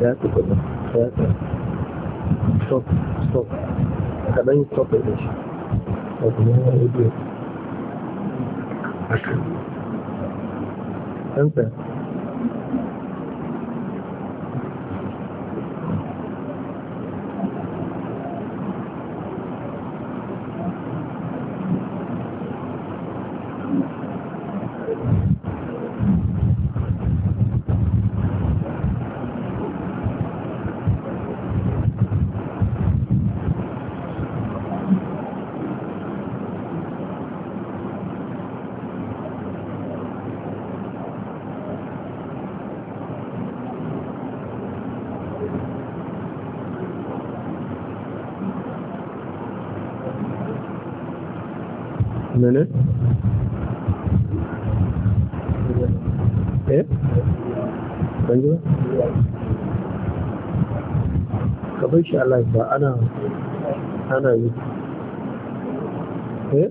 hayatı kadın. Hayatı. Stop. Stop. Kadın stop etmiş. Bakın ne ediyor. Bakın. Enter. ne eh kanji ka bai shi Allah ba ana ana eh?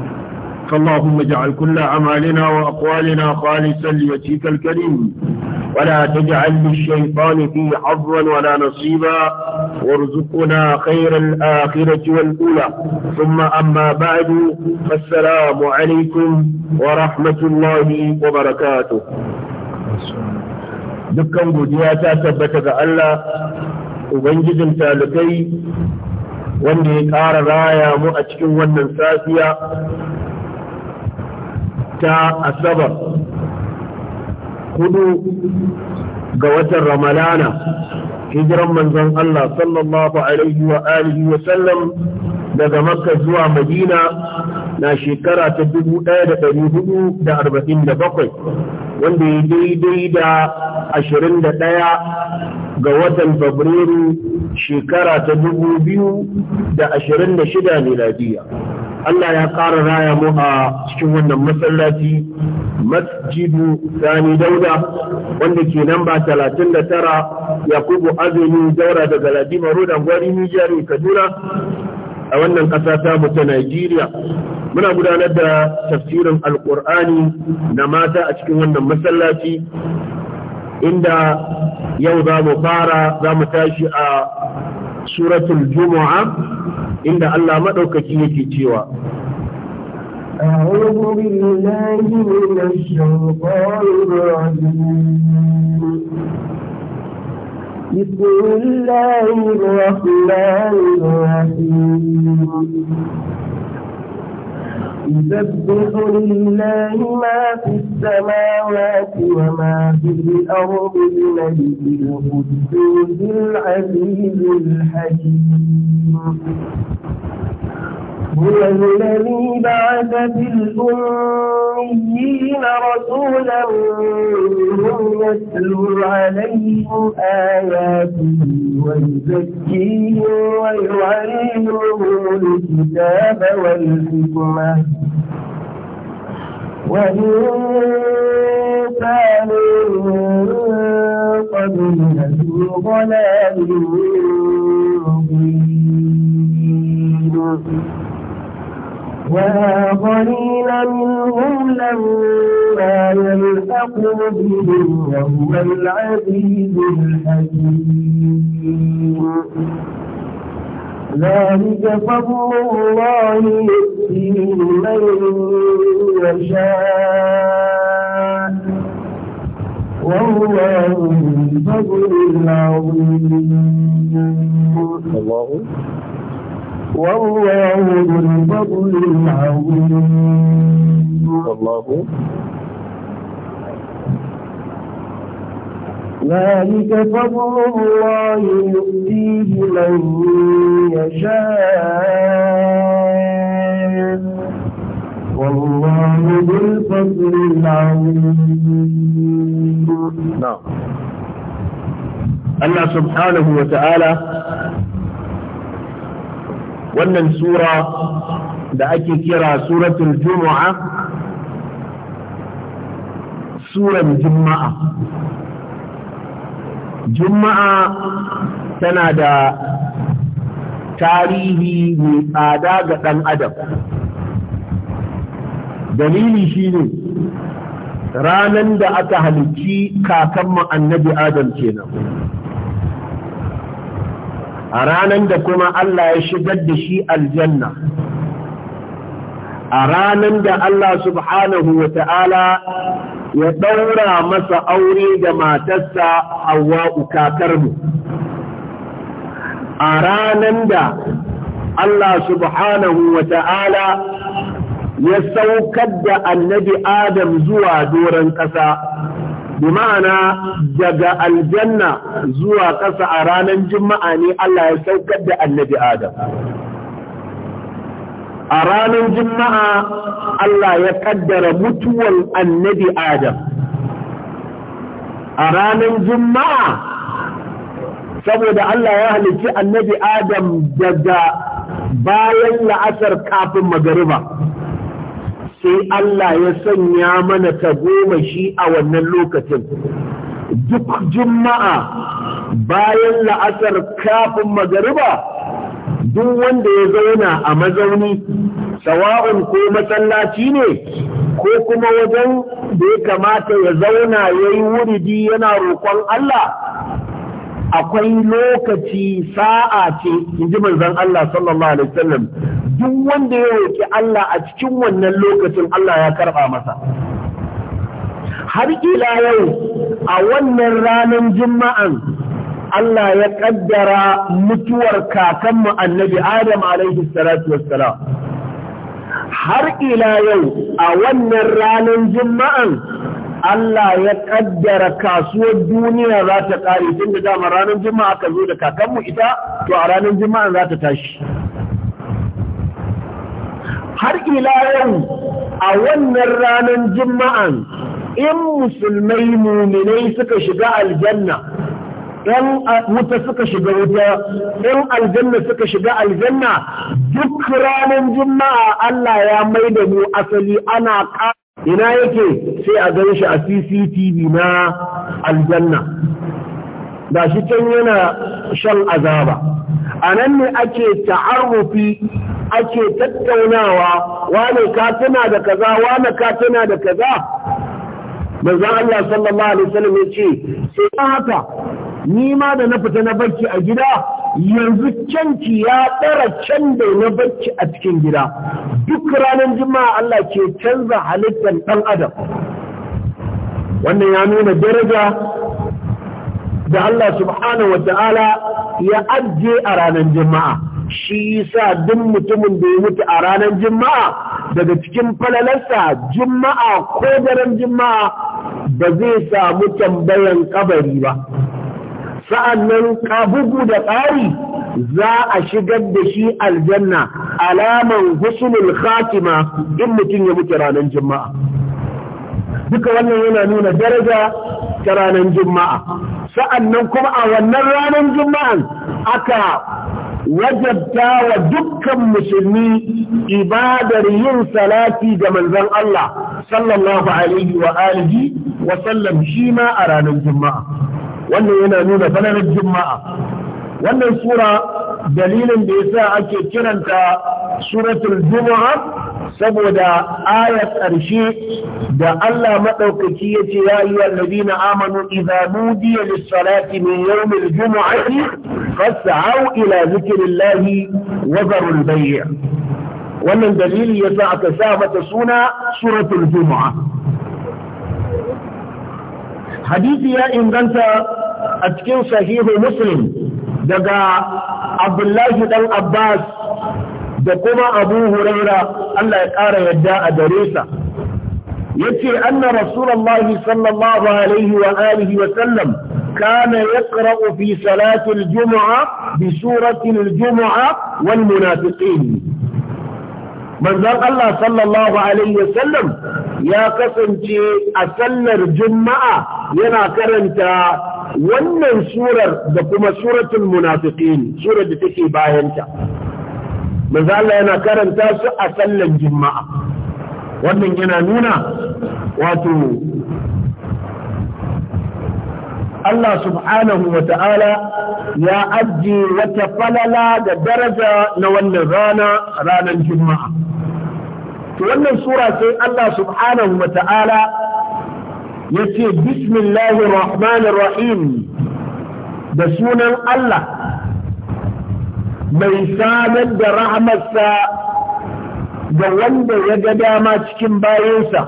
سبحانك اللهم اجعل كل أعمالنا وأقوالنا خالصا لوجهك الكريم ولا تجعل للشيطان في حظا ولا نصيبا وارزقنا خير الآخرة والأولى ثم أما بعد فالسلام عليكم ورحمة الله وبركاته dukkan godiya ta tabbata ga Allah ubangijin talibai wanda ya ƙara raya mu a cikin wannan safiya ta asabar hudu ga watan Ramadana, hijiran manzon Allah sallallahu alaihi wa alihi wa sallam daga makka zuwa madina na shekara ta 1447 wanda ya daidai da ashirin da ɗaya ga watan fabrairu shekara ta dubu biyu da ashirin da shida miladiya Allah ya ƙara raya mu a cikin wannan masallaci masjidu sani dauda wanda ke nan ba talatin da tara yakubu azumi daura daga ladima rodan gwari nijiyar kaduna a wannan ƙasa ta mu ta Najeriya muna gudanar da tafsirin alkur'ani na mata a cikin wannan masallaci inda yau za mu fara za mu tashi a suratul juma'a inda Allah maɗaukaki yake cewa أعوذ بالله من الشيطان الرجيم بسم الله الرحمن الرحيم يسبح لله ما في السماوات وما في الأرض إليه القدوس العزيز الحكيم هو الذي بعث في الأميين رسولا يتلو عليهم آياته ويزكيهم ويعلمهم الكتاب والحكمة وإن كانوا من قبل لفي ضلال مبين وقليل منهم لما يلحقوا بهم وهو العزيز الحكيم ذلك فضل الله يؤتيه من يشاء والله الفضل العظيم الله والله ذو الفضل العظيم والله ذلك فضل الله يؤتيه من يشاء والله ذو الفضل العظيم نعم الله سبحانه وتعالى wannan sura da ake kira suratul Juma'a, suran juma'a juma'a tana da tarihi mai tsada ga ɗan adam dalili shine ranan da aka halicci kakanmu annabi adam kenan a ranan da kuma Allah ya shigar da shi aljanna a ranan da Allah subhanahu wa ta'ala ya ɗaura masa aure da matarsa Hawwa'u kakarmu a ranan da Allah subhanahu wa ta'ala ya saukar da annabi Adam zuwa doron ƙasa bi daga aljanna zuwa ƙasa a ranar juma'a ne Allah ya saukar da annabi Adam a ranar juma'a Allah ya kaddara mutuwar annabi Adam a ranar juma'a saboda Allah ya halicci annabi Adam daga bayan la'asar kafin magariba sai Allah ya sanya mana ta shi a wannan lokacin duk juma'a bayan la'asar kafin magariba duk wanda ya zauna a mazauni sawa'un ko masallaci ne ko kuma wajen da ya kamata ya zauna ya yi wuridi yana roƙon Allah akwai lokaci sa'a ce in ji manzon Allah sallallahu alaihi wasallam duk wanda ya roki Allah a cikin wannan lokacin Allah ya karɓa masa har ila yau a wannan ranar juma'an Allah ya ƙaddara mutuwar kakanmu annabi Adam alaihi salatu wassalam har ila yau a wannan ranar juma'an Allah ya kaddara kasuwar duniya za ta ƙare tun da dama ranar juma'a ka zo da kakanmu ita to a ranar juma'a za ta tashi har ila yau a wannan ranar juma'a in musulmai muminai suka shiga aljanna in wuta suka shiga wuta in aljanna suka shiga aljanna duk ranar juma'a Allah ya mai da mu asali ana ina yake sai a gan shi a cctv na aljanna Ba shi can yana shan azaba a nan ne ake ta'arufi ake tattaunawa wane ka tana da kaza wane ka tana da kaza manzo Allah sallallahu alaihi wasallam ya ce sai haka ni ma da na fita na barci a gida yanzu canci ya tsara can da na barci a cikin gida duk ranar juma'a Allah ke canza halittar ɗan adam wannan ya nuna daraja da Allah subhanahu wa ta'ala ya ajiye a ranar juma'a shi sa duk mutumin da ya mutu a ranar juma'a daga cikin falalarsa juma'a ko daren juma'a ba zai samu tambayan kabari ba sa'annan kabugu da tsari za a shigar da shi aljanna alaman husnul khatima in mutum ya mutu ranar juma'a duka wannan yana nuna daraja ta ranar juma'a sa'annan kuma a wannan ranar juma'an aka wajabta wa dukkan musulmi ibadar yin salati ga manzon Allah sallallahu alaihi wa alihi wa sallam shi ma a ranar juma'a wannan yana nuna falalar juma'a wannan sura dalilin da yasa ake kiranta suratul juma'a saboda ayat ƙarshe da Allah maɗaukaki ya ce ya yi wallabi na amanu idza nudiya lissalati min yawmil jumu'ati fas'au ila zikrillahi wa zarul bay' wannan dalili yasa aka sa mata suna suratul juma'a hadisi ya inganta a cikin sahihu muslim daga abdullahi dan abbas da kuma abu huraira Allah ya ƙara yadda a gare sa Ya yace anna rasulullahi sallallahu alaihi wa alihi wa sallam kana yaqra'u fi salati al-jum'a bi surati al-jum'a wal munafiqin manzon Allah sallallahu alaihi wa sallam ya kasance a sallar juma'a yana karanta wannan surar da kuma suratul munafiqin surar da take bayanta manzo Allah yana karanta su a sallar juma'a wannan yana nuna wato Allah subhanahu wa ta'ala ya ajiye wata falala da daraja na wannan rana ranar juma'a to wannan sura sai Allah subhanahu wa ta'ala ya ce bismillahir rahmanir rahim da sunan Allah mai samar da rahmarsa ga wanda ya ga dama cikin bayansa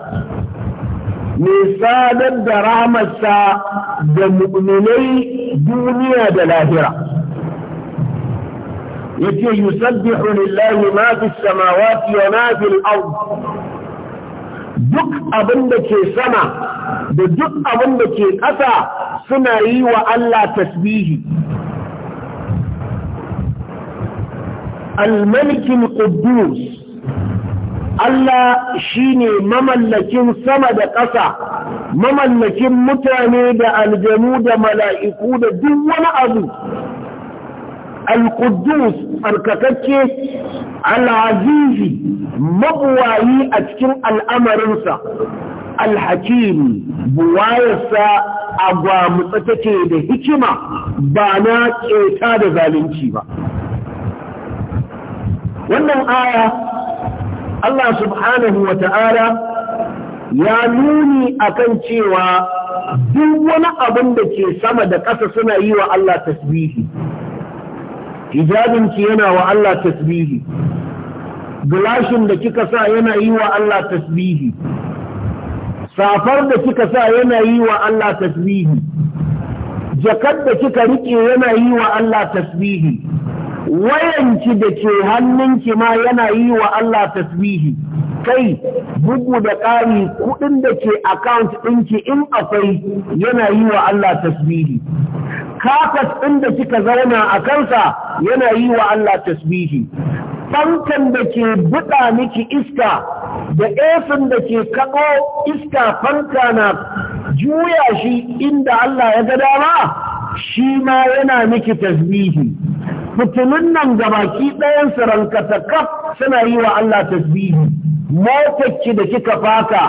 mai sadar da rahmarsa da mu'minai duniya da lahira يجي يسبح lillahi ma fi samawati wa ma fil ard duk abin da ke sama da duk abin da ke ƙasa suna yi wa Allah tasbihi al-malik al-quddus Allah shine mamallakin sama da ƙasa mamallakin mutane da aljanu da mala'iku da duk wani abu al-quddus tsarkakakke al mabuwayi a cikin al'amarinsa al-hakim buwayarsa agwamutsa take da hikima ba na keta da zalunci ba wannan aya Allah subhanahu wa ta'ala ya nuni akan cewa duk wani abin da ke sama da ƙasa suna yi wa Allah tasbihi hijabin ki yana wa Allah tasbihi gilashin da kika sa yana yi wa Allah tasbihi safar da kika sa yana yi wa Allah tasbihi jakar da kika rike yana yi wa Allah tasbihi Wayanci da ke hannunki ma yana yi wa Allah tasbihi kai bugu da ƙari kuɗin da ke account ɗinki in akwai yana yi wa Allah tasbihi kafas ɗin da kika zauna a kansa yana yi wa Allah tasbihi fankan da ke buɗa miki iska da efin da ke kaɓo iska fanka na juya shi inda Allah ya ga dama shi ma yana miki tasbihi fitilun nan baki ɗayan sarankata kaf suna yi wa Allah tasbihi motarki da kika faka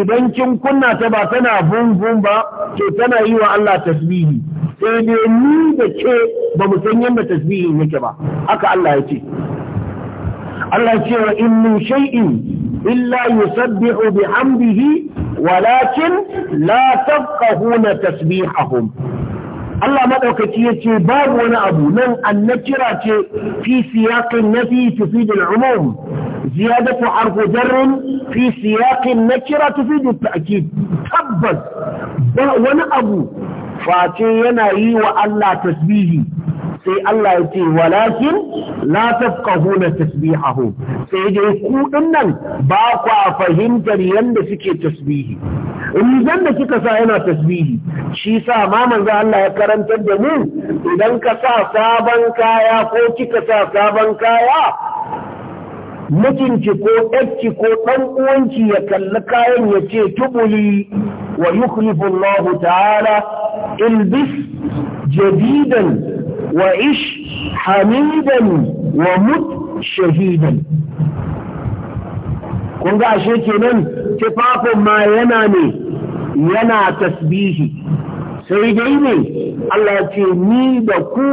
idan kin kunna ta ba tana bum ba to tana yi wa Allah tasbihi sai dai ni da ke ba mu san yadda tasbihi yake ba haka Allah ya ce Allah ya ce wa in min shay'in illa yusabbihu bihamdihi walakin la tafqahuna tasbihahum Allah maɗaukaki ya ce babu wani abu nan an na kira ce fi siyaƙin na fi tufi da umum ziyadatu harfu jarrin fi siyaƙin na kira tufi da tabbas ba wani abu face yana yi wa Allah tasbihi sai Allah ya ce walakin la na tasbihahu sai dai ku nan ba kwa fahimtar yanda suke tasbihi rigan da kika sa yana tasbihi shi sa ma manzo Allah ya karantar da mu idan ka sa sabon kaya ko kika sa sabon kaya mijinki ko ɗanki ko ɗan uwanki ya kalli kayan ya ce tubuli wa yukhlifu Allah ta'ala ilbis jadidan wa ish hamidan wa mut shahidan kun ga ashe kenan tufafin ma yana ne yana tasbihi sai dai ne Allah ce ni da ku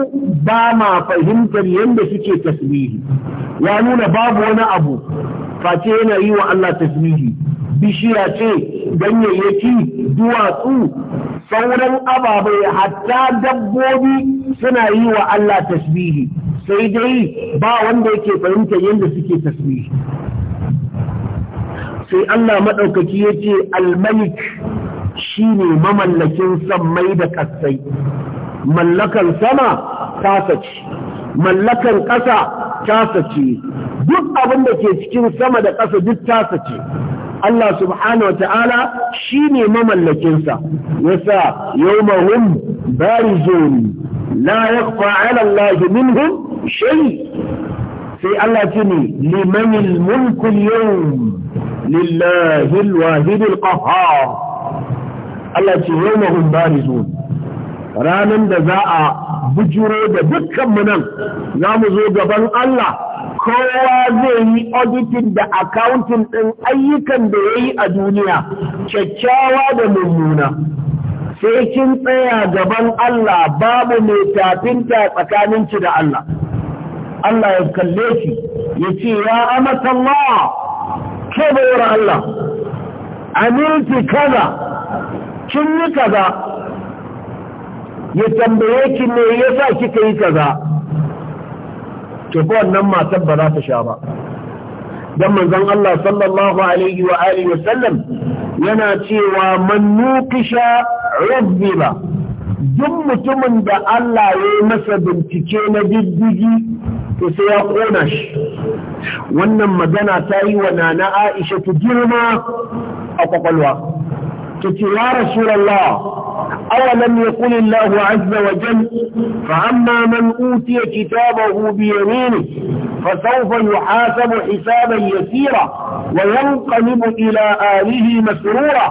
ba ma fahimtar yadda suke tasbihi ya nuna babu wani abu face yana yi wa Allah tasbihi bishiya ce ganyayyaki duwatsu sauran ababai hatta dabbobi suna yi wa Allah tasbihi sai dai ba wanda yake fahimtar yadda suke tasbihi sai Allah maɗaukaki ya ce almalik shi ne mamallakin sammai da ƙasai mallakan sama tasa ce mallakan ƙasa tasace duk abin da ke cikin sama da ƙasa duk tasace Allah subhanahu wa ta'ala shi ne mamallakinsa yasa yau mahum barizoni la ya fa'alallahi minhum shai sai Allah ce ne limanin mulkul yau lillahil wahidil qahhar Allah ce yawmahum ranan da za a bujuro da dukkan mu nan za mu zo gaban Allah kowa zai yi auditing da accounting ɗin ayyukan da ya yi a duniya kyakkyawa da mummuna sai kin tsaya gaban Allah babu mai tafinta tsakaninki da Allah Allah ya kalle shi ya ce ya amata Allah ke bayar Allah aminti kaza kin yi kaza ya tambaye ki me yasa kika yi kaza to wannan matar ba za ta sha ba dan manzon Allah sallallahu alaihi wa alihi wa sallam yana cewa man nuqisha rubbiba duk mutumin da Allah ya yi masa bincike na diddigi to sai ya kona shi wannan magana ta yi wa nana Aisha ta girma a kwakwalwa ta ce ya Rasulullah Rasulallah أولم يقل الله عز وجل فأما من أوتي كتابه بيمينه فسوف يحاسب حسابا يسيرا وينقلب إلى آله مسرورا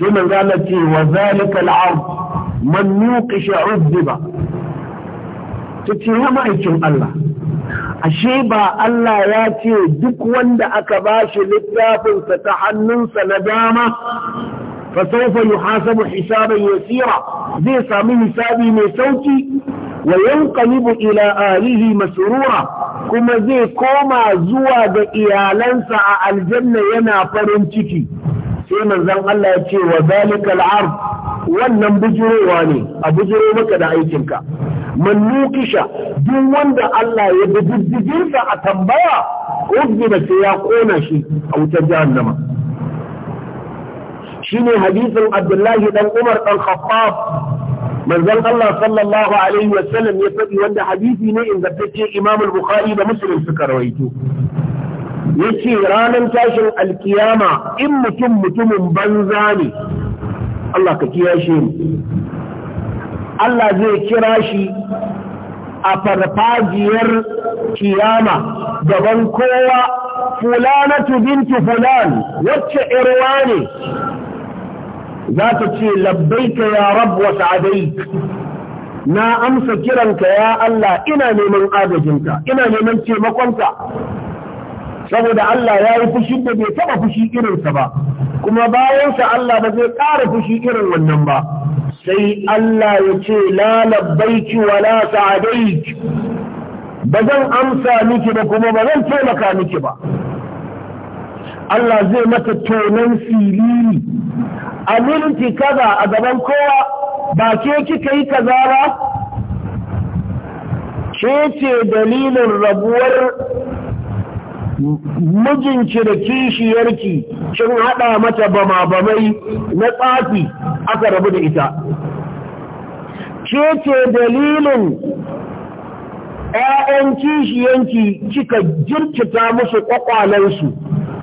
ثم قالت وذلك العرض man nuqisha udhiba tace ya ma'aikin Allah ashe ba Allah ya ce duk wanda aka bashi littafinsa ta hannunsa na dama fa sawfa yuhasabu hisaban yasira zai sami hisabi mai sauki wa yanqalibu ila alihi masrura kuma zai koma zuwa ga iyalansa a aljanna yana farin ciki sai manzon Allah ya ce wa zalikal ard wannan bujurowa ne a bujuro maka da aikinka man nukisha duk wanda Allah ya bi diddiginsa a tambaya uzbina sai ya kona shi a wutar jahannama shine hadisin Abdullahi dan Umar ɗan Khattab manzon Allah sallallahu alaihi Wasallam ya faɗi wanda hadisi ne ingantacce Imam bukhari da Muslim suka rawaito yace ranar tashin alkiyama in mutum mutumin banza ne Allah ka Allah zai kira shi a farfajiyar kiyama gaban kowa fulanatu bintu fulan wacce irwa ne za ta ce labbaika ya rabu wa sa'adaik na amsa kiranka ya Allah ina neman agajinka ina neman taimakonka saboda Allah ya yi fushin da bai taɓa fushi irinsa ba kuma bayansa Allah ba zai ƙara fushi irin wannan ba sai Allah ya ce la labbaiki wa la sa'adaik ba zan amsa miki ba kuma ba zan taimaka miki ba Allah zai mata tonon filili a minti kaza a gaban kowa ba ke kika yi kaza ba ce ce dalilin rabuwar mijinki da kishiyarki kin haɗa mata bama-bamai na tsafi aka rabu da ita. Ke ce dalilin ‘ya'yan kishiyanki kika jirkita musu ƙwaƙwalansu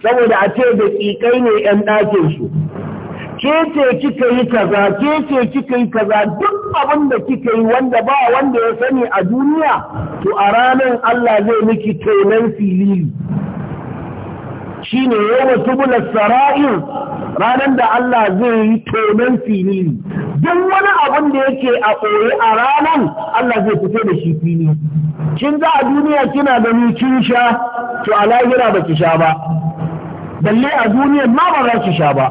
saboda a ce da ƙiƙai ne ‘yan ɗakinsu. Ke ce kika yi kaza, ke ce kika yi kaza duk abin da kika yi wanda ba wanda ya sani a duniya, to a ranar Allah zai miki tonon filili. shine yawan tubular sara'in ranar da Allah zai yi tonon filili duk wani abin da yake a ɓoye a ranar Allah zai fito da shi fili kin za a duniya kina gani kin sha to a lahira ba ki sha ba balle a duniya ma ba za ki sha ba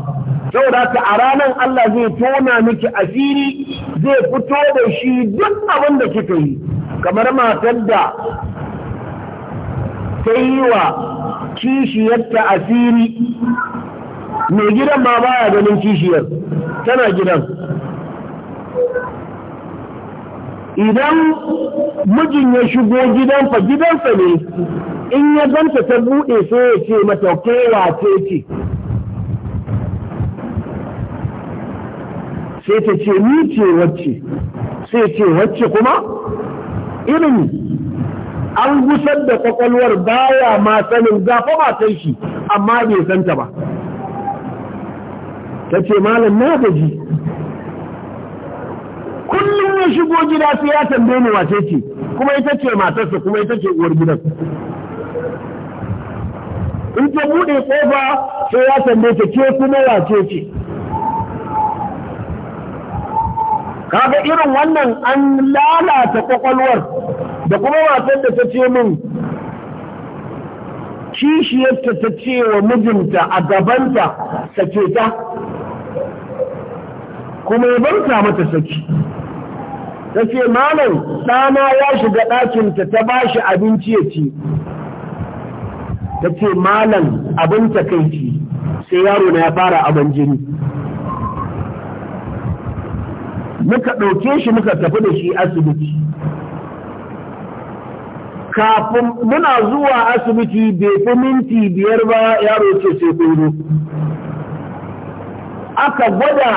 saboda ka a ranar Allah zai tona miki asiri zai fito da shi duk abin da kika yi kamar matar da ta yi wa kishiyar ta asiri mai gidan ma baya ganin kishiyar tana gidan idan mijin ya shigo gidan fa gidansa ne in ya ganta ta buɗe sai ya ce mata kewa ce ce sai ta ce ni ce wacce sai ce wacce kuma irin an gusar da kwakwalwar baya ma sanin gafa matan shi amma bai santa ba ta ce malam na gaji kullum ya shigo gida sai ya tambaye ni wace ce kuma ita ce matarsa kuma ita ce uwar gidan in ta buɗe ƙofa sai ya tambaye ta ce kuma wace ce kaga irin wannan an lalata kwakwalwar da kuma wasan da ta ce min kishiyarta ta ce wa mijinta a gabanta sake ta kuma ya barta mata saki ta ce malam ɗana ya shiga ɗakinta ta ba shi abinci ya ci ta ce malam abin takaici sai yaro na ya fara abin jini muka ɗauke shi muka tafi da shi asibiti kafin muna zuwa asibiti bai fi minti biyar ba yaro ce sai tsoro aka gwada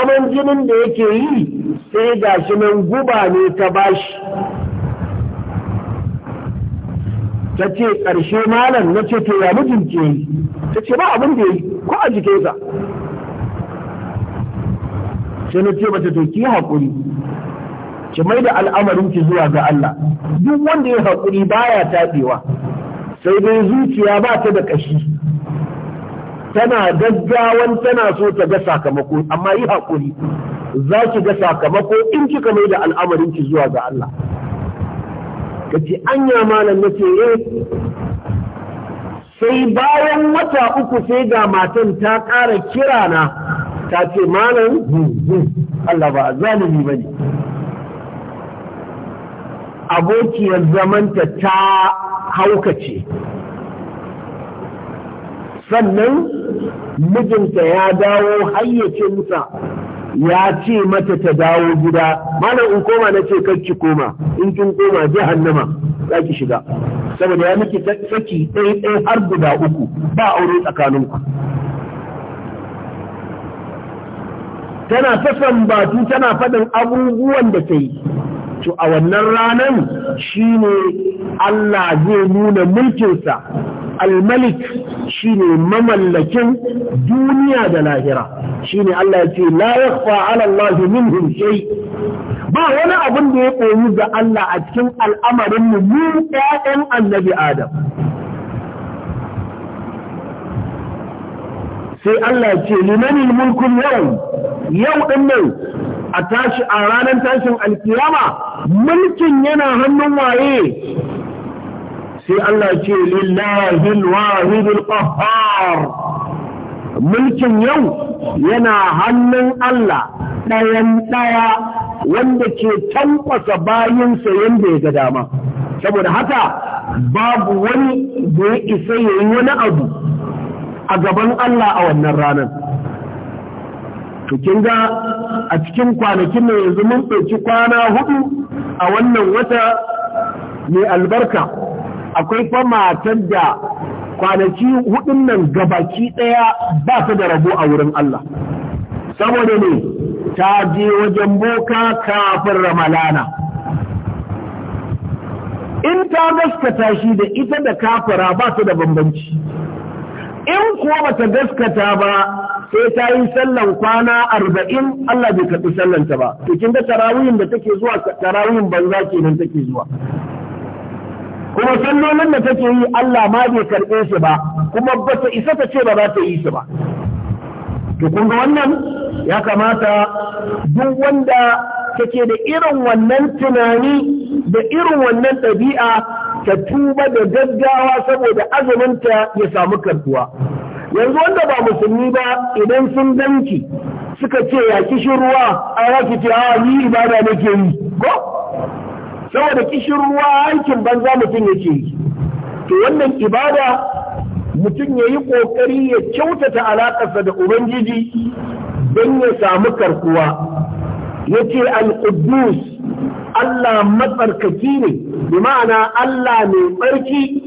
aman jinin da yake yi sai ga shi nan guba ne ta bashi ta ce ƙarshe malam na ce to ya mijin ke yi ta ce ba abin da yi ko a jikinsa sai na ce mata to ki haƙuri ki mai da al'amarin ki zuwa ga Allah duk wanda ya hakuri baya taɓewa sai dai zuciya ba ta da ƙashi tana gaggawan tana so ta ga sakamako amma yi hakuri za ki ga sakamako in kika mai da al'amarin ki zuwa ga Allah ka anya malam na ce eh. sai bayan wata uku sai ga matan ta ƙara kirana ta ce malam Allah ba zalimi ba ne abokiyar zamanta ta haukace sannan mijinta ya dawo hayyacinsa ya ce mata ta dawo gida malam in koma na ce kar ki koma in kin koma jahannama za ki shiga saboda ya miki saki ɗaya ɗaya har guda uku ba aure tsakaninku tana ta sambatu tana faɗin abubuwan da ta yi to a wannan ranar shine Allah zai nuna mulkinsa al-malik shine mamallakin duniya da lahira shine Allah ce la yakhfa 'ala Allah ba wani abin da ya koyi ga Allah a cikin al'amarin mu mu annabi Adam sai Allah ce limanil mulkul yau yau din nan a tashi a ranar tashin alkiyama mulkin yana hannun waye sai Allah ce lillahi wahidul qahhar mulkin yau yana hannun Allah ɗayan ɗaya wanda ke tankwasa bayinsa yadda ya ga dama saboda haka babu wani da ya isa yayi wani abu a gaban Allah a wannan ranar to kin a cikin kwanakin nan yanzu mun ɗauki kwana hudu a wannan wata mai albarka akwai fa ta da kwanaki hudun nan gabaki ɗaya ba ta da rabo a wurin Allah saboda ne ta je wajen boka kafin ramalana in ta gaskata shi da ita da kafara ba ta da bambanci in kuwa ba ta gaskata ba sai ta yi sallan kwana arba'in Allah bai karɓi sallanta ba to kin ga tarawihin da take zuwa tarawihin banza kenan take zuwa kuma sallolin da take yi Allah ma bai karɓe shi ba kuma ba ta isa ta ce ba za ta yi shi ba to kun ga wannan ya kamata duk wanda take da irin wannan tunani da irin wannan ɗabi'a ta tuba da gaggawa saboda azuminta ya samu karbuwa. yanzu wanda ba musulmi ba idan sun danki suka ce ya kishin ruwa a rafi ce a ni ibada nake yi ko saboda kishin ruwa aikin banza mutum yake yi to wannan ibada mutum ya yi ƙoƙari ya kyautata alaƙarsa da ubangiji don ya samu karkuwa ya ce al Allah matsarkaki ne bi ma'ana Allah mai tsarki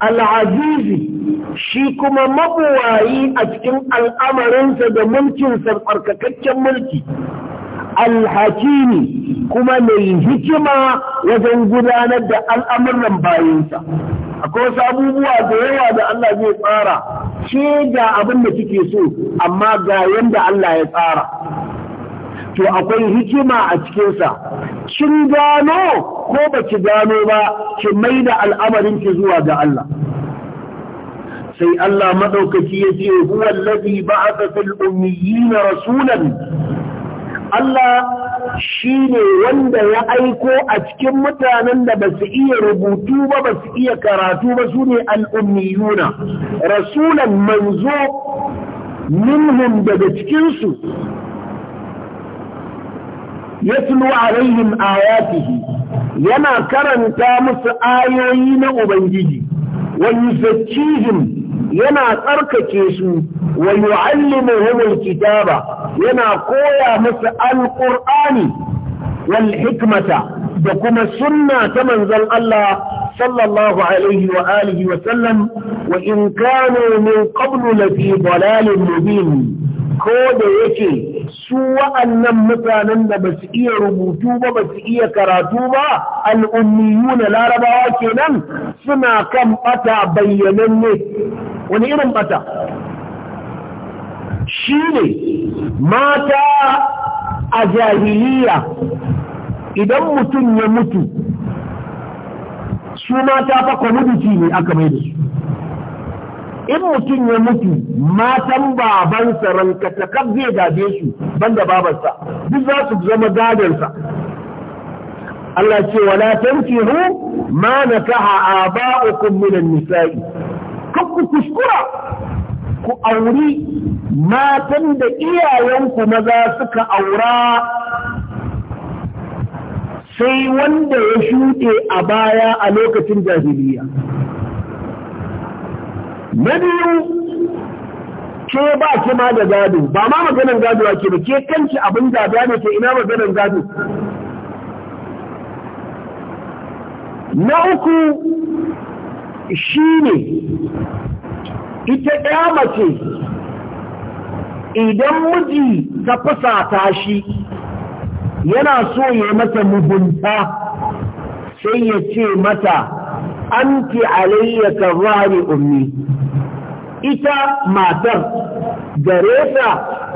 al'azizi shi kuma mabuwayi a cikin al'amarinsa da mulkinsa tsarkakakken mulki alhakimi kuma mai hikima wajen gudanar da al'amuran bayansa akwai wasu abubuwa da yawa da Allah zai tsara ce ga abin da kike so amma ga yadda Allah ya tsara to akwai hikima a cikinsa kin gano ko ba ki gano ba ki mai da al'amarin ki zuwa ga Allah sai Allah madaukaki ya ce huwa allazi ba'atha fil ummiyina rasulan Allah shine wanda ya aiko a cikin mutanen da ba su iya rubutu ba ba su iya karatu ba su ne al'ummiyuna rasulan manzo minhum daga cikinsu yatlu alaihim ayatihi yana karanta musu ayoyi na ubangiji wa yuzakkihim yana tsarkake su wa yu'allimuhum alkitaba yana koya musu alqur'ani wal hikmata da kuma sunna ta manzon Allah sallallahu alaihi wa alihi wa sallam wa in kanu min qablu lafi dalalin mubin ko da yake su wa'annan mutanen da ba su iya rubutu ba ba su iya karatu ba al'ummiyu na larabawa kenan suna kan bata bayyananne wani irin bata shi ne mata a jahiliya idan mutum ya mutu su mata fa kwamiditi ne aka mai da su in mutum ya mutu matan babansa rankatakar zai gaje su banda babansa duk za su zama gadansa Allah ce wala tankihu ma nakaha aba'ukum min an-nisa'i ku kuskura ku auri matan da iyayenku maza suka aura sai wanda ya shuɗe a baya a lokacin jahiliya na biyu ke ba ki ma da gado ba ma maganin gado ake ba ke kanki abin gada ne ke ina maganin gado na uku shi ne ita ɗaya mace idan miji ta ta shi yana so ya mata mugunta sai ya ce mata an ki alayyaka kan ummi ita matar gare ta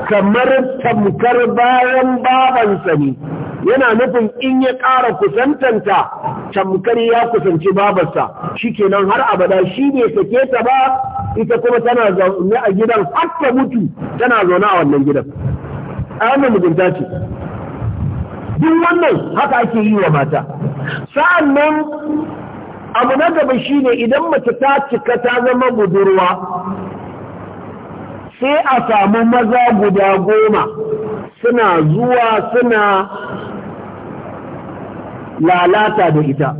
kamar tamkar bayan babansa ne yana nufin in ya ƙara kusantanta tamkar ya kusanci babarsa shikenan har abada shi ne sake ta ba ita kuma tana zaune a gidan har ta mutu tana zaune a wannan gidan a mugunta ce duk wannan haka ake yi wa mata sa'an nan abu na gaba shine idan mace ta cika ta zama budurwa sai a samu maza guda goma suna zuwa suna lalata da ita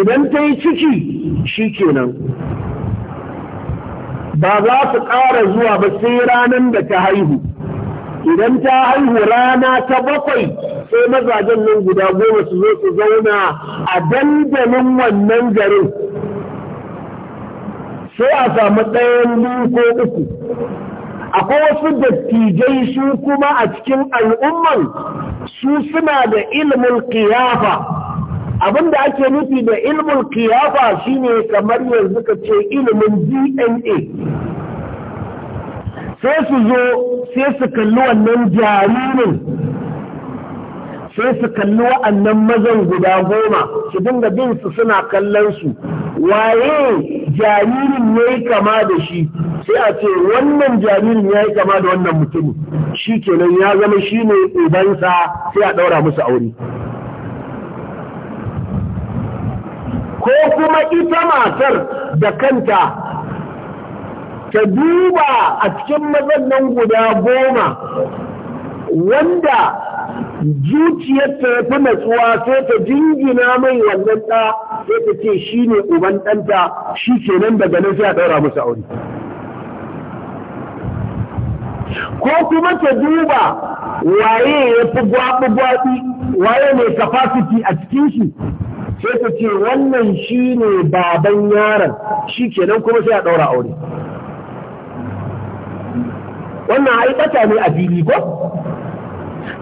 idan ta yi ciki shi kenan ba za su ƙara zuwa ba sai ranar da ta haihu idan ta haihu rana ta bakwai sai mazajen nan guda goma su zo su zauna a dandalin wannan garin sai a samu ɗayan biyu ko uku akwai wasu dattijai su kuma a cikin al'umman su suna da ilimin kiyafa abinda ake nufi da ilimin kiyafa shine kamar yanzu ka ce ilimin dna sai su zo sai su kalli wannan jaririn sai su kalli wa'annan mazan guda goma su dinga bin su suna kallon su waye jaririn ya yi kama da shi sai a ce wannan jaririn ya yi kama da wannan mutumin shi kenan ya zama shi ne ubansa sai a ɗaura musu aure ko kuma ita matar da kanta ta duba a cikin mazan nan guda goma wanda zuciyarta ya fi natsuwa sai ta jingina mai wannan ɗa sai ta ce shi ne uban ɗanta shi ke nan daga nan sai a ɗaura musu aure ko kuma ta duba waye ya fi gwaɓi-gwaɓi waye mai capacity a cikin shi sai ta ce wannan shi ne baban yaron shi ke nan kuma sai a ɗaura aure wannan aikata ne a fili ko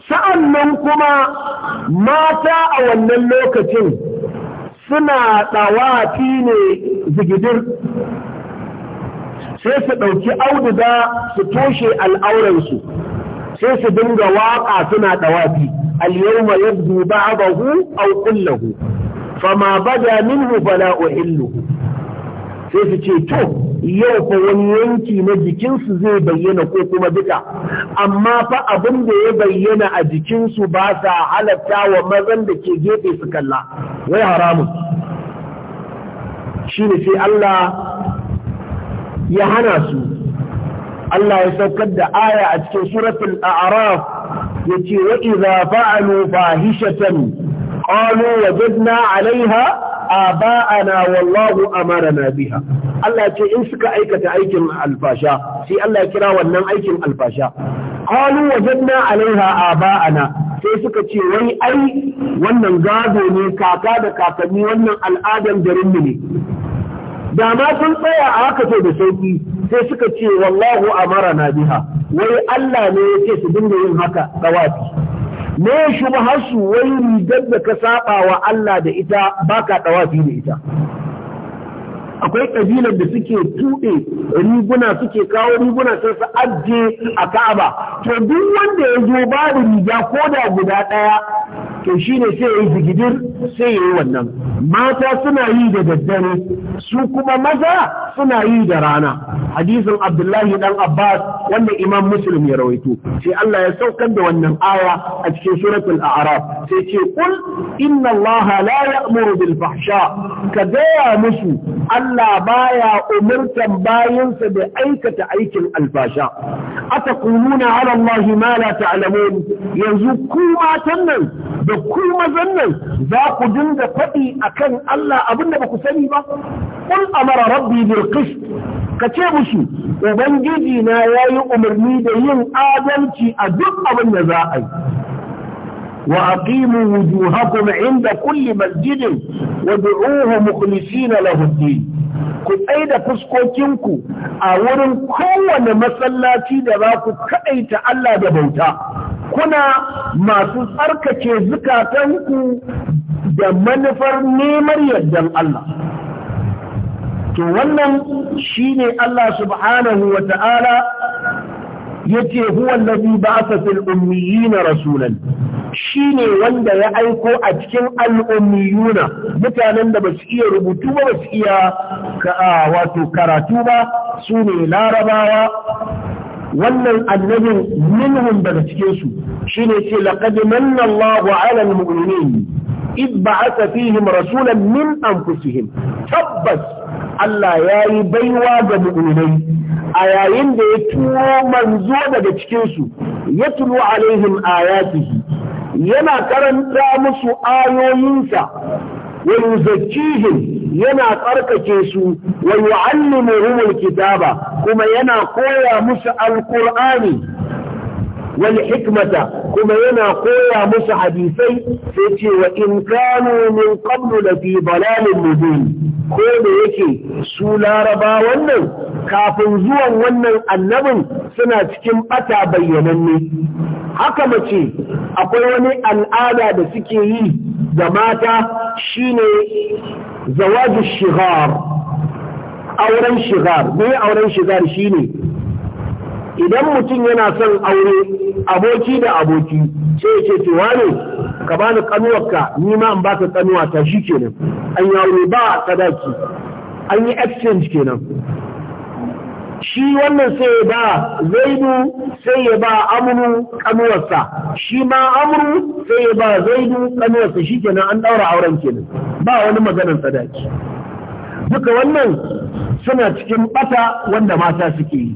sa'annan kuma mata a wannan lokacin suna ɗawafi ne zigidir sai su ɗauki auduga su toshe al'auransu sai su dinga waƙa suna ɗawafi al-yawma yabdu ba'dahu aw kullahu fama bada minhu fala illuhu sai su ce to yau fa wani yanki na jikinsu zai bayyana ko kuma duka amma fa abin da ya bayyana a jikinsu ba sa halatta wa mazan da ke gefe su kalla wai haramun shi ne sai Allah ya hana su Allah ya saukar da aya a cikin suratul a'raf yace wa idza fa'alu fahishatan qalu wajadna 'alayha aba'ana wallahu amarana biha Allah ce in suka aikata aikin alfasha sai Allah kira wannan aikin alfasha qalu wajadna alaiha aba'ana sai suka ce wai ai wannan gado ne kaka da kakanni wannan al'adan garin ne da ma sun tsaya a haka to da sauki sai suka ce wallahu amarana biha wai Allah ne ya ce su dinga yin haka tsawafi me su wai rigar da ka saba wa Allah da ita baka dawafi da ita akwai kabilar da suke tuɗe riguna suke kawo riguna sai su ajiye a Ka'aba to duk wanda ya zo ba da riga ko da guda ɗaya to shine sai ya yi zigidir sai ya yi wannan mata suna yi da daddare su kuma maza suna yi da rana hadisin Abdullahi dan Abbas wanda Imam Muslim ya rawaito sai Allah ya saukar da wannan aya a cikin suratul A'raf sai ce kul inna Allah la ya'muru bil fahsha ka gaya musu Allah baya umurtan bayansa da aikata aikin alfasha atakuluna ala Allah ma la ta'lamun yanzu ku matan nan da ku mazan nan za ku dinga faɗi akan Allah abinda ba ku sani ba qul amara rabbi bil qist kace mushi ubangiji na yayi umarni da yin adalci a duk abin da za a yi وأقيموا وجوهكم عند كل مسجد وادعوه مخلصين له الدين ku tsaye da fuskokinku a wurin kowane masallaci da za ku kaɗaita Allah da bauta kuna masu tsarkake zukatanku da manufar neman yardan Allah to wannan shine Allah subhanahu wa ta'ala yace huwa ba ba'atha fil na rasulan shi ne wanda ya aiko a cikin al'ummiyuna mutanen da ba su iya rubutu ba ba su iya wato karatu ba su ne larabawa wannan annabin minhum daga cikinsu shi ne ce laƙadi manna Allahu ala al id ba'atha fihim rasulan min anfusihim tabbas Allah ya yi baiwa ga mu'minai a yayin da ya turo manzo daga cikinsu ya tulo alaihim ayatihi yana karanta musu ayoyinsa wa yuzakkihim yana tsarkake su wa yu'allimuhum kitaba kuma yana koya musu alqur'ani wal hikmata kuma yana koya musu hadisai sai ce wa in kanu min qablu la fi dalalin mubin ko da yake su laraba wannan kafin zuwan wannan annabin suna cikin bata bayyananne haka mace akwai wani al'ada da suke yi da mata shine zawaju shigar auren shigar me auren shigar shine idan mutum yana son aure aboki da aboki ce ce ce wane ka bani kanuwarka ni ma in baka kanuwa ta shi kenan an yawo ba sadaki an yi exchange kenan shi wannan sai ya ba zaidu sai ya ba amuru kanuwarsa shi ma amuru sai ya ba zaidu kanuwarsa shi kenan an daura auren kenan ba wani maganar sadaki duka wannan suna cikin bata wanda mata suke yi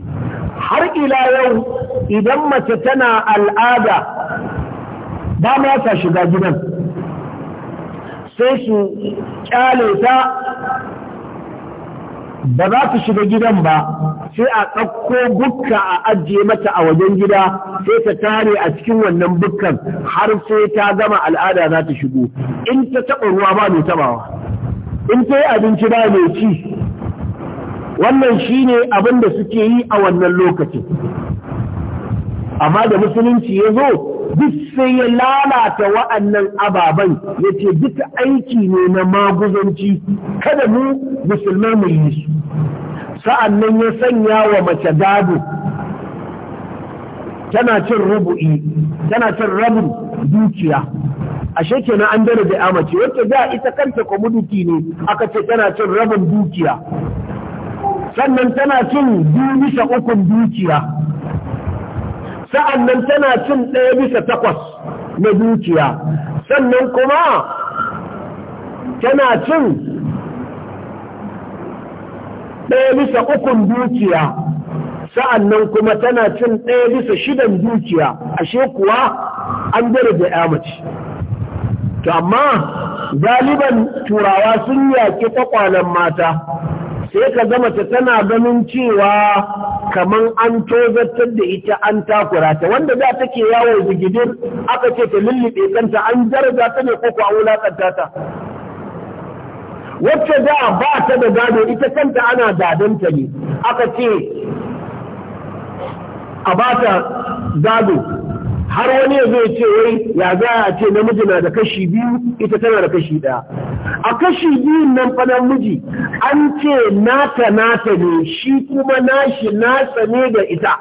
har ila yau idan mace tana al'ada ba ma ta shiga gidan sai su kyale ta ba za su shiga gidan ba sai a ɗauko bukka a ajiye mata a wajen gida sai ta tare a cikin wannan bukkan har sai ta gama al'ada za ta shigo in ta taɓa ruwa ba mai tabawa in ta yi abinci ba mai ci wannan shi ne abin da suke yi a wannan lokacin amma da musulunci ya zo duk sai ya lalata wa'annan ababen ya ce duk aiki ne na maguzanci kada mu musulmai mu yi su sa'annan ya sanya wa mace gado tana cin rubu'i tana cin rabin dukiya ashe na an da amace wacce a ita kanta kwamuduki ne aka ce tana cin rabin dukiya sannan tana cin biyu bisa ukun dukiya sa'annan tana cin ɗaya bisa takwas na dukiya sannan kuma tana cin ɗaya bisa ukun dukiya nan kuma tana cin ɗaya bisa shidan dukiya ashe kuwa an dare da yamaci mace to amma galiban turawa sun yaki ƙwaƙwalen mata sai ka zama ta tana ganin cewa kaman an tozartar da ita an takura ta wanda za ta ke yawon zigidir aka ce ta lullube kanta an daraja ta ne koko an wulakanta ta wacce da ba ta da gado ita kanta ana gadonta ne aka ce a ba ta gado har wani ya zai ce wai ya za a ce namiji na da kashi biyu ita tana da kashi ɗaya a kashi biyun nan fa namiji an ce nata nata ne shi kuma nashi nasa ne da ita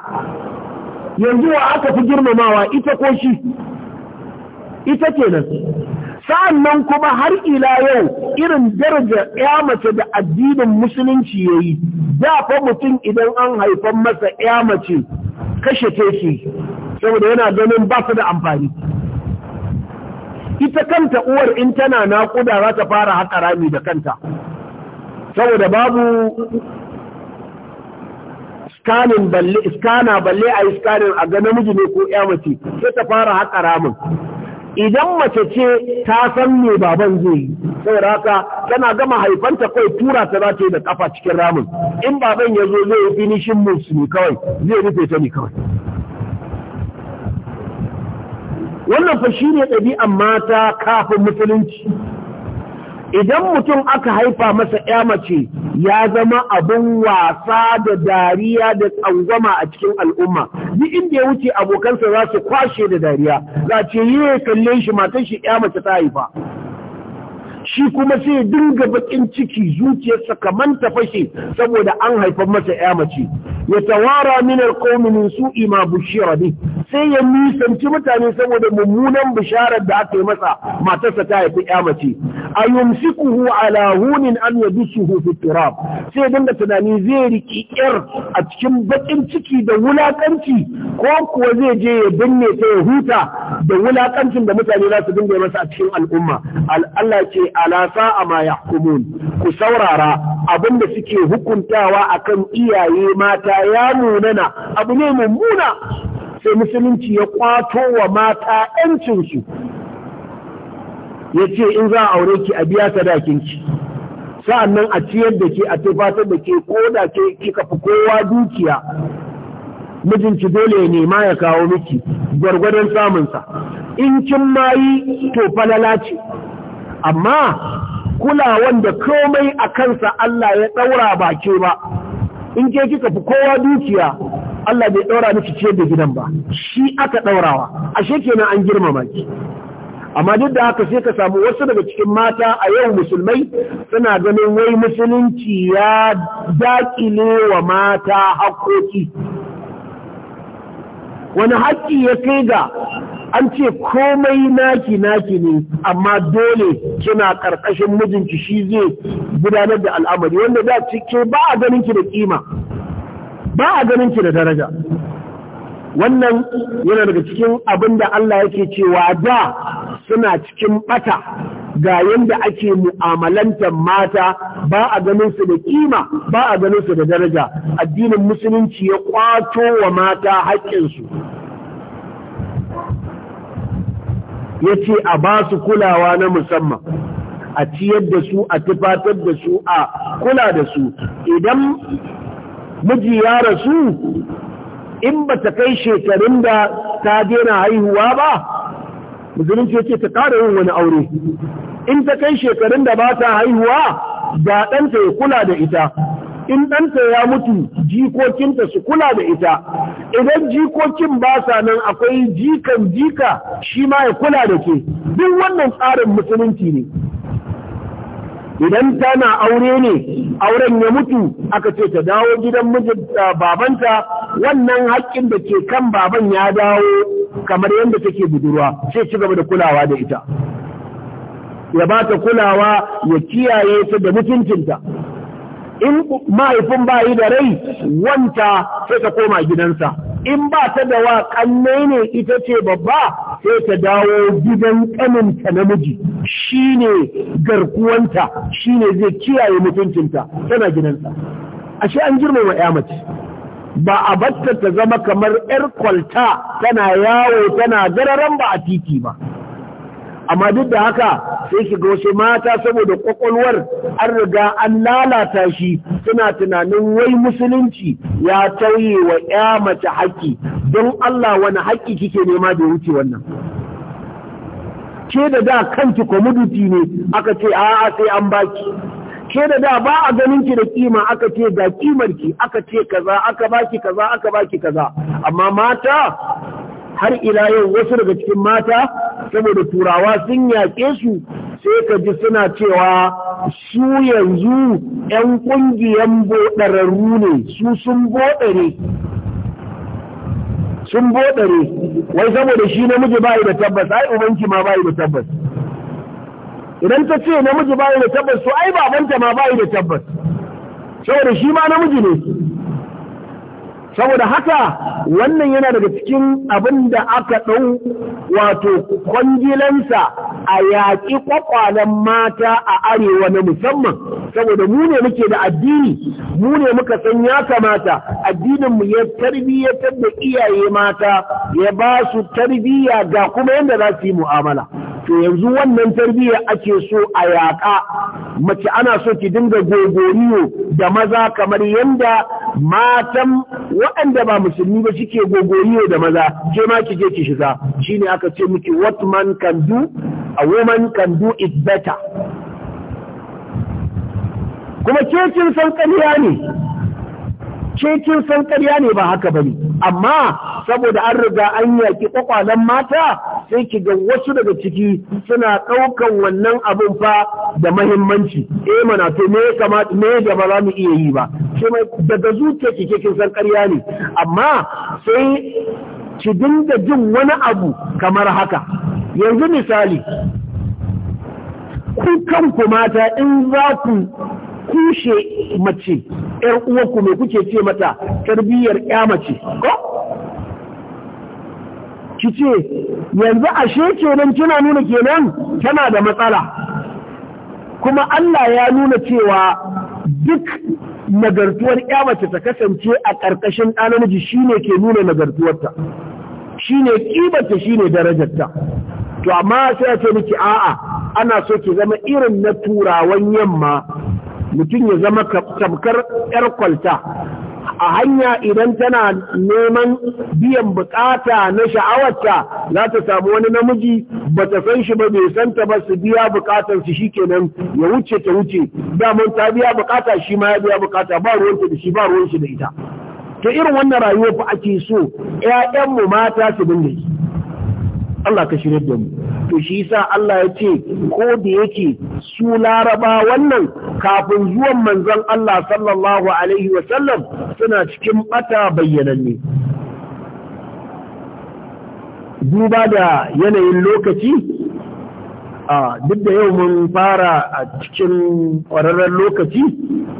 yanzu wa aka fi girmamawa ita ko shi ita ke nan sa'an kuma har ila yau irin daraja ya mace da addinin musulunci ya yi da fa mutum idan an haifan masa ya mace kashe teki saboda yana ganin ba su da amfani ita kanta uwar in tana naƙuda za ta fara haƙa rami da kanta saboda babu scanning balle iskana balle a yi a ga miji ne ko ya mace sai ta fara haƙa ramin idan mace ce ta san me baban zai yi saboda raka, tana gama haifanta kwai tura ta za ta yi da kafa cikin ramin in baban ya zo zai yi finishin moves ne kawai zai rufe ta ne kawai wannan fa shi ne ɗabi'an mata kafin musulunci idan mutum aka haifa masa ya mace ya zama abin wasa da dariya da tsangwama a cikin al'umma duk inda ya wuce abokansa za su kwashe da dariya za ce yi kalle shi matan shi ya mace ta haifa shi kuma sai dinga bakin ciki zuciyarsa kaman ta fashe saboda an haifar masa ya mace ya tawara min alqawmi su Ima bushira bi sai ya nisanci mutane saboda mummunan bisharar da aka yi masa matarsa ta haifi ya mace ayumsikuhu ala hunin an yadusuhu fi turab sai dinga tunani zai riki yar a cikin bakin ciki da wulakanci ko kuwa zai je ya binne ta ya huta da wulakancin da mutane za su dinga masa a cikin al'umma Allah ce alasa a ma yahkumun ku saurara abin da suke hukuntawa akan iyaye mata ya munana abu ne mummuna sai musulunci ya kwato wa mata ‘yancinsu ya ce in za a aure ki a biya sadakin ki? sa'annan a ciyar da ke a tufatar da ke ko da ke kika fi kowa dukiya mijinki dole ya nema ya kawo miki gwargwadon samunsa in kin yi to falala ce amma kulawan da komai a kansa Allah ya ɗaura ba ke ba in ke kika fi kowa dukiya Allah bai ɗaura miki ciyar da gidan ba shi aka ɗaurawa ashe kenan an girmama ki amma duk da haka sai ka samu wasu daga cikin mata a yau musulmai suna ganin wai musulunci ya daƙile wa mata haƙoƙi wani haƙƙi ya kai ga an ce komai naki naki ne amma dole kina karkashin mijinki shi zai gudanar da al'amari wanda da cike ba a ganin ki da kima ba a ganin ki da daraja wannan yana daga cikin abin da Allah yake cewa da suna cikin bata ga yanda ake mu'amalantar mata ba a ganin su da kima ba a ganin su da daraja addinin musulunci ya kwato wa mata haƙƙinsu ya ce a ba su kulawa na musamman a ciyar da su a tufatar da su a kula da su idan miji ya rasu in ba ta kai shekarun da ta daina haihuwa ba musulunci ya ce ta ƙara yin wani aure in ta kai shekarun da ba ta haihuwa da ɗanta ya kula da ita in ɗanta ya mutu jikokinta su kula da ita idan jikokin ba sa nan akwai jikan jika shi ma ya kula da ke duk wannan tsarin musulunci ne idan tana aure ne auren ya mutu aka ce ta dawo gidan mijin ah, babanta wannan haƙƙin da ke kan baban ya dawo kamar yadda take budurwa sai ci gaba da kulawa da ita ya ba ta kulawa ya kiyaye ta da mutuncinta in mahaifin ba yi da rai wanta sai ta koma gidansa in ba ta da wa kanne ne ita ce babba sai ta dawo gidan ta namiji shi ne garkuwanta shi ne zai kiyaye mutuncinta tana gidansa ashe an girmama ya mace ba a batta ta zama kamar ‘yar kwalta tana yawo tana gararan ba a titi ba amma duk da haka sai shiga wasu mata saboda kwakwalwar an riga an lalata shi suna tunanin wai musulunci ya tauye wa ya mace haƙƙi don Allah wani haƙƙi kike nema da wuce wannan ke da da kanki kwamuditi ne aka ce a'a sai an baki ke da da ba a ganin ki da kima aka ce ga kimar ki aka ce kaza aka baki kaza aka baki kaza amma mata har ila yau wasu daga cikin mata saboda turawa sun yaƙe su sai ka ji suna cewa su yanzu 'yan ƙungiyan boɗararru ne su sun boɗare sun boɗare wai saboda shi namiji ba da tabbas ai ubanki ma ba da tabbas idan ta ce namiji ba da tabbas to ai babanta ma ba da tabbas saboda shi ma namiji ne saboda haka wannan yana daga cikin abin da aka ɗau wato kwangilansa a yaƙi ƙwaƙwalen mata a arewa na musamman saboda mu ne muke da addini mu ne muka san ya kamata addininmu ya tarbiyyatar da iyaye mata ya ba su tarbiyya ga kuma yadda za su yi mu'amala to yanzu wannan tarbiyya ake so a yaƙa mace ana so ki dinga gogoriyo da maza kamar yadda matan waɗanda ba musulmi ba suke gogoriyo da maza ke ma ki je ki shiga shine aka ce miki what man can do a woman can do it better kuma ke sankariya ne ke sankariya ne ba haka bane amma saboda an riga an yaƙi ƙwaƙwalen mata sai ki ga wasu daga ciki suna ɗaukan wannan abin fa da mahimmanci eh mana to me kamata me da ba za mu iya yi ba daga zuciya kike kin san ƙarya ne amma sai ki dinga jin wani abu kamar haka yanzu misali ku kanku mata in za ku kushe mace ‘yar uwarku me kuke ce mata tarbiyyar ‘ya mace, ko? ki ce yanzu ashe kenan kina nuna kenan tana da matsala kuma Allah ya nuna cewa duk nagartuwar ya mace ta kasance a ƙarƙashin ɗa namiji shine ke nuna nagartuwarta shine kibarta shine darajarta to amma sai ya ce miki a'a ana so ki zama irin na turawan yamma mutum ya zama tamkar yar kwalta a hanya idan tana neman biyan bukata na sha'awarta za ta samu wani namiji ba ta san shi ba bai san ta ba su biya bukatar su shikenan ya wuce ta wuce daman ta biya bukata shi ma ya biya bukata ba ruwanta da shi ba ruwan shi da ita to irin wannan rayuwa fa ake so 'ya'yanmu mata su dinga yi Allah ka shirya da mu to shi yasa Allah ya ce ko da yake su laraba wannan kafin zuwan manzon Allah sallallahu alaihi wa sallam suna cikin bata bayyananne duba da yanayin lokaci a duk da yau mun fara a cikin ƙwararren lokaci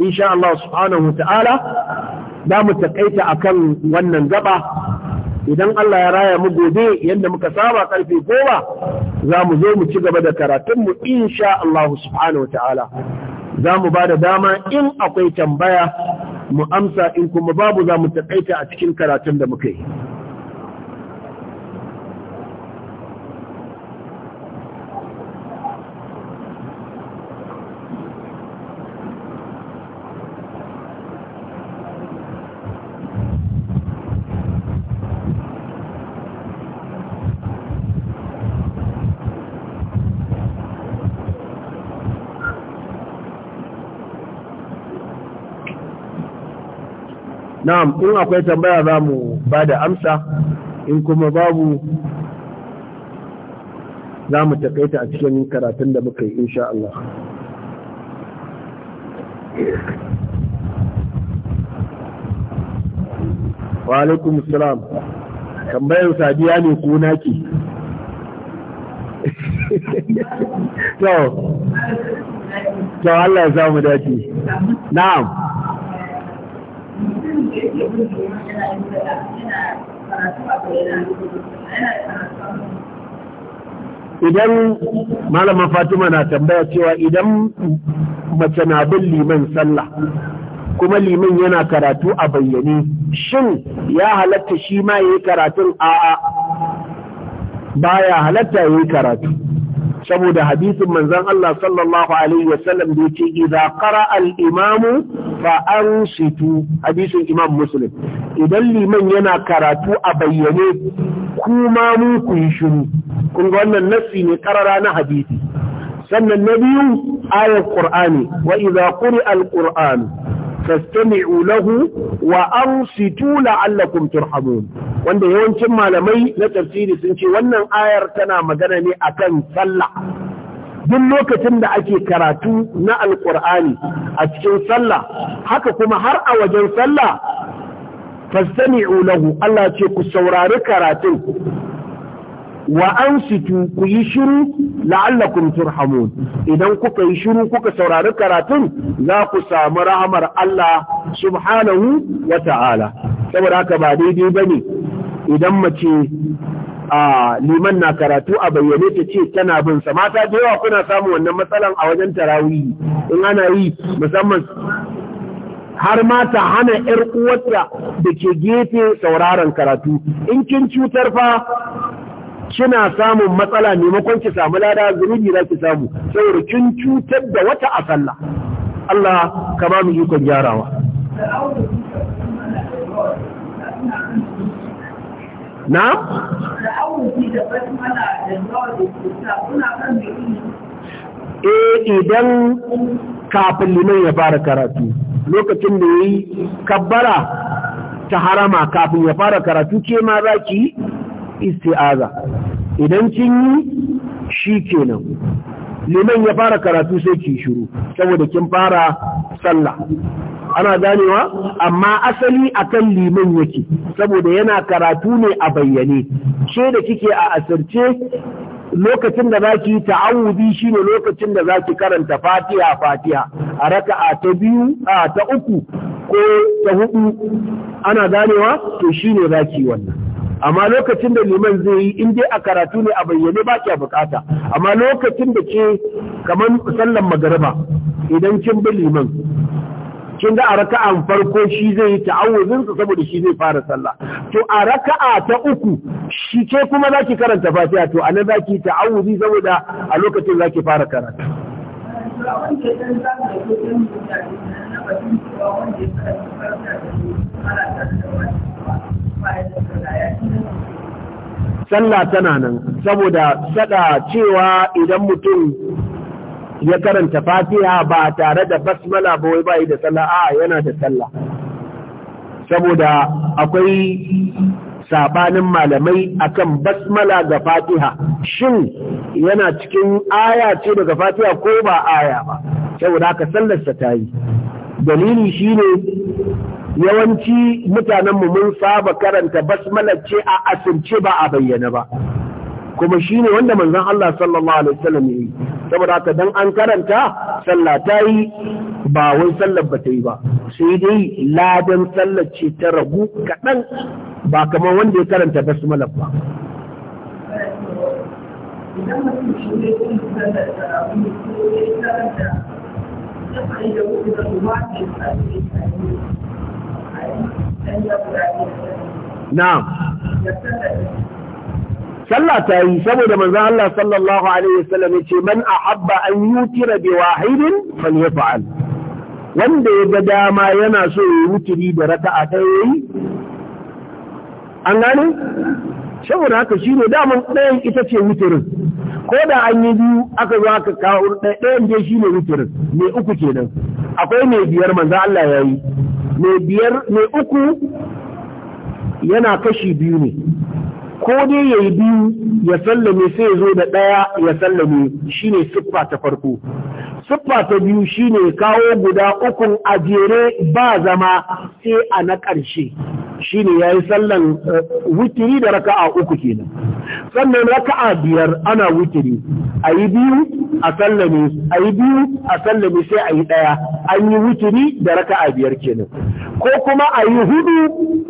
insha Allah subhanahu ta'ala za mu a akan wannan gaba idan Allah ya raya mu gobe yadda muka saba karfe goma za mu zo mu ci gaba da karatunmu insha Allah subhanahu ta'ala za mu ba da dama in akwai tambaya mu amsa in kuma babu za mu taƙaita a cikin karatun da muka yi na'am in akwai tambaya za mu ba da amsa in kuma babu za mu takaita a cikin karatun da muka yi insha Allah wa alaikum salam tambayar sadiya ne ko naki to to Allah ya samu dace na'am idan malama fatima na tambaya cewa idan mace na bin liman sallah kuma liman yana karatu a bayyane shin ya halatta shi ma ya yi karatun a'a ba ya halatta ya yi karatu saboda hadisin manzon Allah sallallahu alaihi wasallam da yake iza qara al imamu fa ansitu hadisin imam muslim idan liman yana karatu a bayyane kuma mu ku yi shiru kun ga wannan nassi ne karara na hadisi sannan na biyu ayar ƙur'ani wa idza quri al qur'anu fastami'u lahu wa ansitu la'allakum turhamun wanda yawancin malamai na tafsiri sun ce wannan ayar tana magana ne akan sallah duk lokacin da ake karatu na Alƙur'ani a cikin sallah haka kuma har a wajen sallah fastami'u lahu Allah ce ku saurari karatun wa ansitu ku yi shiru la'allakum turhamun idan kuka yi shiru kuka saurari karatun za ku samu rahamar Allah subhanahu wa ta'ala saboda haka ba daidai ba ne idan mace a liman na karatu a bayyane ta ce tana bin sa mata da yawa kuna samu wannan matsalan a wajen tarawi in ana yi musamman har ma ta hana ƴar uwarta da ke gefe sauraron karatu, in kin cutar fa kina samun matsala maimakon ki samu lada zunubi za ki samu saboda kin cutar da wata a sallah Allah ka ba mu ikon gyarawa na? e eh, idan kafin liman ya fara karatu lokacin da ya yi kabbara ta harama kafin ya fara karatu ke ma za ki isti'aza idan kin yi shi kenan liman ya fara karatu sai ki shiru saboda kin fara sallah ana ganewa amma asali akan liman yake saboda yana karatu ne a bayyane ce da kike a asirce lokacin da zaki ta'awudi shine lokacin da zaki karanta Fatiha Fatiha a raka'a ta biyu a ta uku ko ta hudu ana ganewa to shine zaki wannan amma lokacin da liman zai yi in dai a karatu ne a bayyane ba a bukata amma lokacin da ke kamar sallan magariba idan kin bi liman kin ga a raka'an farko shi zai yi ta'awuzin saboda shi zai fara sallah to a raka'a ta uku shi ke kuma zaki karanta fatiha to anan zaki ta'awuzi saboda a lokacin zaki fara karatu Thank you. sallah tana nan saboda saɗa cewa idan mutum ya karanta fatiha ba tare da basmala ba wai bai da sallah a yana da sallah saboda akwai sabanin malamai akan basmala ga fatiha shin yana cikin aya ce daga fatiha ko ba aya ba saboda haka sallarsa ta yi dalili shine yawanci mutanenmu mun saba karanta basmalar ce a asirce ba a bayyana ba kuma shine wanda manzon Allah sallallahu alaihi wasallam yi saboda haka dan an karanta sallah ta yi ba wai sallar ba ta yi ba sai dai ladan sallar ce ta ragu kaɗan ba kamar wanda ya karanta basmalar ba idan mutum shi ne karanta na'am sallah ta yi saboda manzo Allah sallallahu alaihi wasallam yace man ahabba an yutira bi wahidin falyaf'al wanda ya ga dama yana so ya wuturi da raka'a ta yi an gane saboda haka shine mun ɗayan ita ce wuturin ko da an yi biyu aka zo aka kawo ɗayan dai shi ne witirin mai uku kenan akwai mai biyar manzo Allah ya yi mai mai uku yana kashi biyu ne ko dai ya yi biyu ya sallame sai ya zo da ɗaya ya sallame shine siffa ta farko siffa ta biyu shine kawo guda ukun a jere ba zama sai a na ƙarshe Shi ne ya yi sallan eh, witiri da raka'a uku kenan sannan raka'a biyar ana wutiri a yi biyu a sallame a yi biyu a sallame sai a yi ɗaya an yi witiri da raka'a biyar kenan ko kuma a yi hudu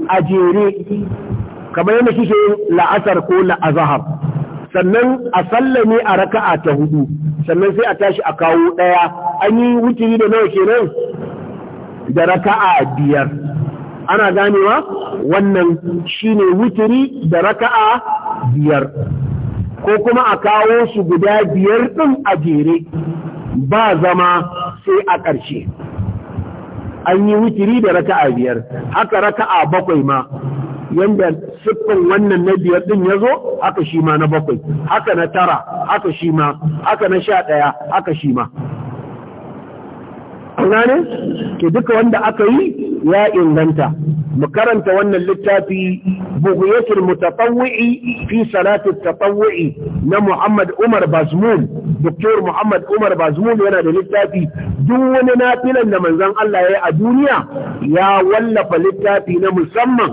a jere kamar yadda kike la'asar ko la'azahar sannan a sallame a raka'a ta hudu sannan sai a tashi a kawo ɗaya an yi wuturi da nawa kenan da raka'a biyar ana ganewa wannan shine wuturi da raka'a biyar ko kuma a kawo su guda biyar ɗin a jere ba zama sai a ƙarshe an yi wuturi da raka'a biyar haka raka'a bakwai ma yanda siffin wannan na biyar din ya zo haka shi ma na bakwai haka na tara haka shi ma haka na sha ɗaya haka shi ma kuna ne to duka wanda aka yi ya inganta mu karanta wannan littafi bughyatul mutatawwi'i fi salati tatawwi'i na Muhammad Umar Bazmum Dr. Muhammad Umar Bazmum yana da littafi duk wani nafilan da manzon Allah ya a duniya ya wallafa littafi na musamman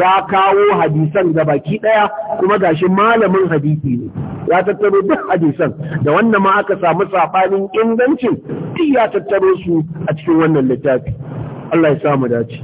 ya kawo hadisan gabaki daya kuma gashi malamin hadisi ne ya tattaro duk hadisan da wannan ma aka samu safanin ingancin duk ya tattaro su a cikin wannan littafi Allah ya samu dace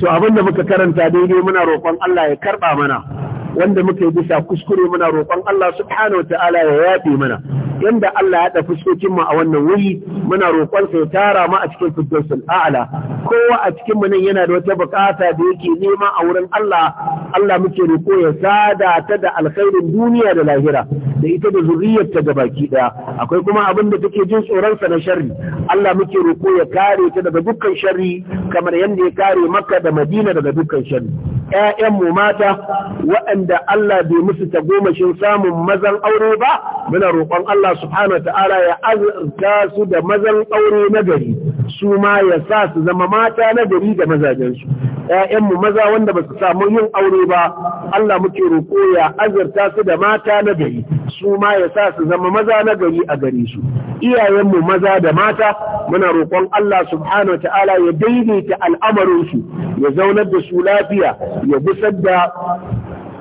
to abin da muka karanta daidai muna roƙon Allah ya karɓa mana wanda muka yi bisa kuskure muna roƙon Allah subhanahu ta'ala ya yafe mana yanda Allah ya da fuskokin mu a wannan wuri muna roƙon sa ya tara mu a cikin firdausul a'ala kowa a cikin mu nan yana da wata bukata da yake nema a wurin Allah Allah muke roƙo ya sada ta da alkhairin duniya da lahira da ita da ta da baki ɗaya. akwai kuma abin da take jin tsoron sa na sharri Allah muke roƙo ya kare ta daga dukkan sharri kamar yanda ya kare Makka da Madina daga dukkan sharri Ya'yan mu mata waɗanda waɗanda Allah bai musu tagomashin samun mazan aure ba, muna roƙon Allah subhanahu wa ta'ala ya azurta su da mazan aure na gari, su ma ya sa su zama mata na gari da mazajensu. ‘Ya'yanmu maza wanda ba su samu yin aure ba, Allah muke roƙo ya azurta su da mata na gari, su ma ya sa su zama maza na gari a gare su. Iyayenmu maza da mata, muna roƙon Allah subhanahu wa ta'ala ya daidaita al'amarinsu, ya zaunar da su lafiya, ya gusar da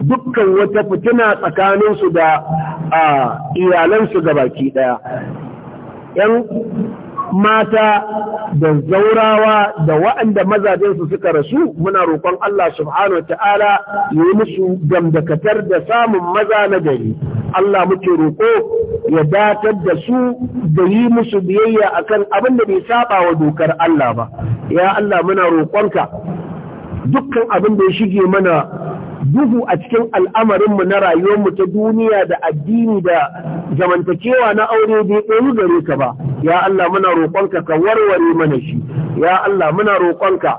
dukkan wata fitina tsakaninsu da iyalansu baki ɗaya. ‘Yan mata da zaurawa da waɗanda mazajensu suka rasu muna roƙon Allah subhanahu wa ta'ala ya yi musu gamdakatar da samun maza na gari. Allah muke roƙo ya datar da su da yi musu biyayya akan abin da bai saba wa dokar Allah ba. Ya Allah muna roƙonka dukkan abin da ya shige mana duhu a cikin al'amarinmu na rayuwarmu ta duniya da addini da zamantakewa na aure bai ɗoru gare ka ba ya Allah muna roƙonka ka warware mana shi ya Allah muna roƙonka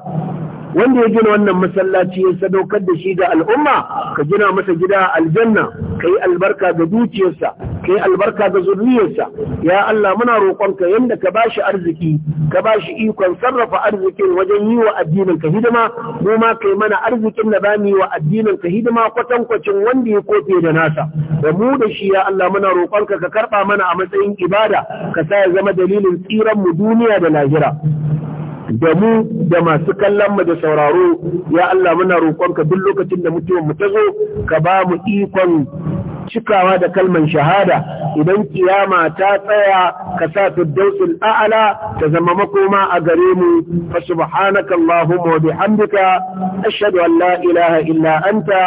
wanda ya gina wannan masallaci ya sadaukar da shi ga al'umma ka gina masa gida aljanna ka yi albarka ga dukiyarsa ka yi albarka ga zurriyarsa ya Allah muna roƙonka yanda ka ba shi arziki ka ba shi ikon sarrafa arzikin wajen yi wa addinin ka hidima mu ma kai mana arzikin da ba yi wa addinin ka hidima kwatankwacin wanda ya kofe da nasa da mu da shi ya Allah muna roƙonka ka karɓa mana a matsayin ibada ka sa ya zama dalilin tsiran mu duniya da lahira da mu da masu kallon mu da sauraro ya Allah muna roƙonka duk lokacin da mutuwar mu ta zo ka ba mu ikon cikawa da kalman shahada idan kiyama ta tsaya ka sa firdausul a'ala ta zama makoma a gare mu fa subhanaka allahumma wa bihamdika ashhadu an la ilaha illa anta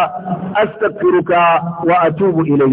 astaghfiruka wa atubu ilayk